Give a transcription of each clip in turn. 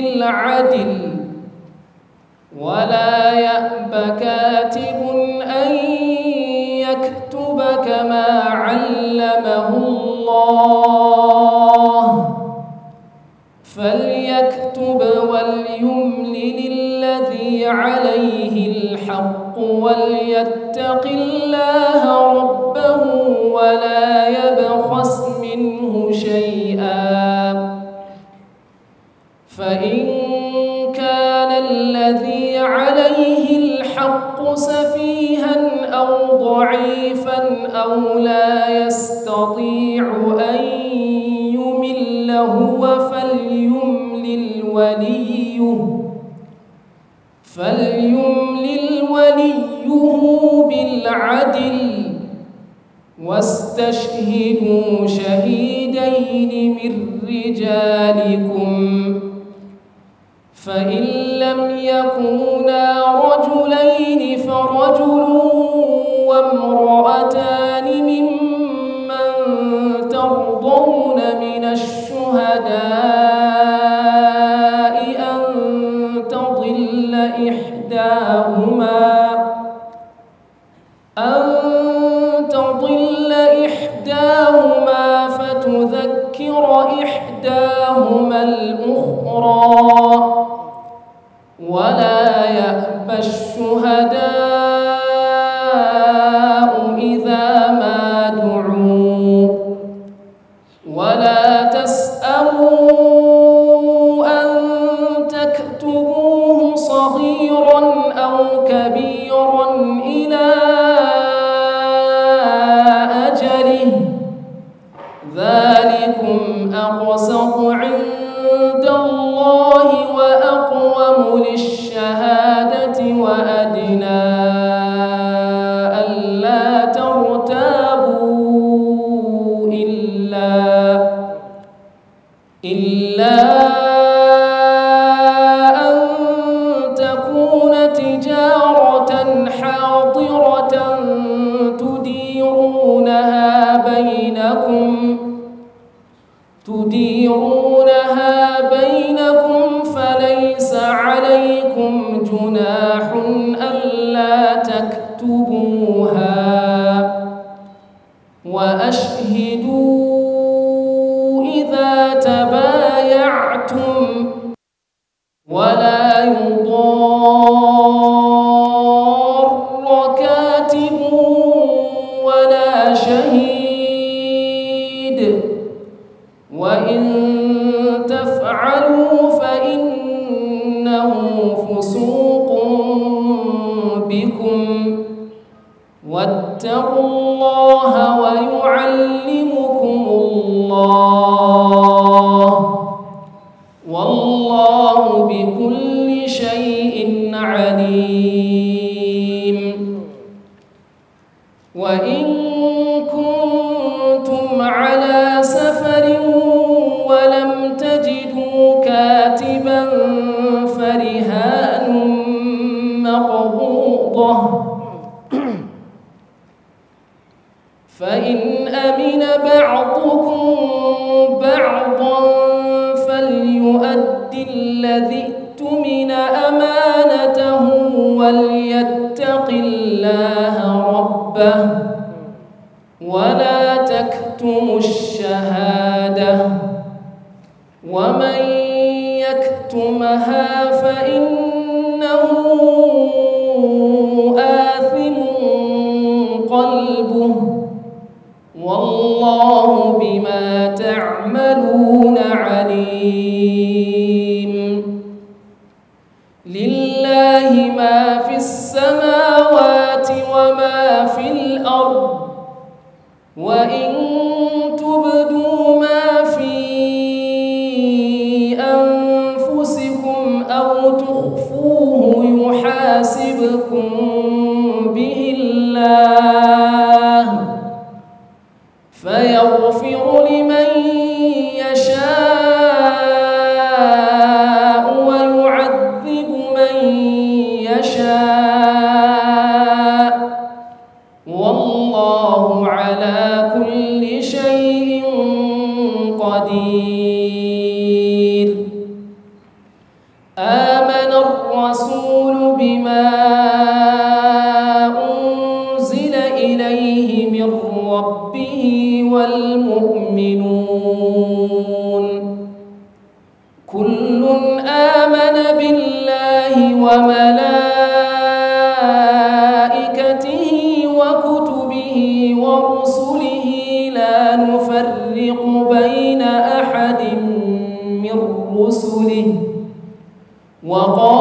بالعدل ولا يأب كاتب أن يكتب كما علمه الله فليكتب وليملل الذي عليه الحق وليتق الله ربه ولا يبخس منه شيئا فإن كان الذي عليه الحق سفيها أو ضعيفا أو لا يستطيع أن يمل هو فليملل وليه فليملل وليه بالعدل واستشهدوا شهيدين من رجالكم فإن لم يكونا رجلين فرجل وامرأتان ممن ترضون من الشهداء أن تضل إحداهما أن تضل إحداهما فتذكر إحداهما الأخرى ولا يأبى الشهداء إذا ما دعوا ولا تسأموا أن تكتبوه صغيرا أو كبيرا إلى أجله ذلكم أقسط عند الله وأقسط أقوم للشهادة وأدنى ألا ترتابوا إلا إلا أن تكون تجارة حاضرة تديرونها بينكم تديرونها فكلتموها وأشهدوا إذا تبايعتم ولا يضار كاتب ولا شهيد وإن تفعلوا فإنه الله ويعلمكم الله والله بكل شيء عليم وإن كنتم على فإن أمن بعضكم بعضا فليؤد الذي اؤتمن أمانته وليتق الله ربه ولا تكتموا الشهادة ومن يكتمها فإنه آثم قلبه والله بما تعملون عليم لله ما في السماوات وما في الأرض وإن أنزل إليه من ربه والمؤمنون كل آمن بالله وملائكته وكتبه ورسله لا نفرق بين أحد من رسله وقال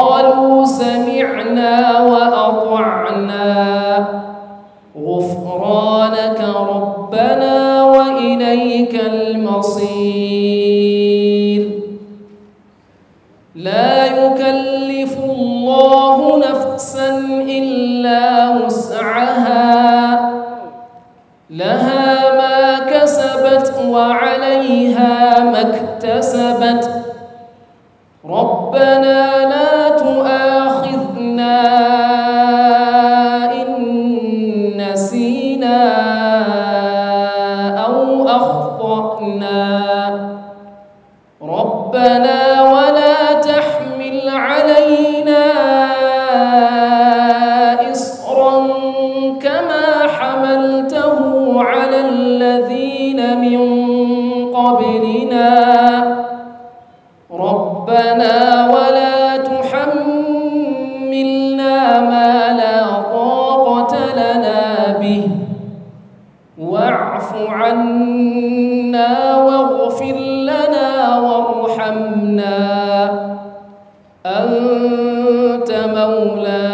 أنت مولانا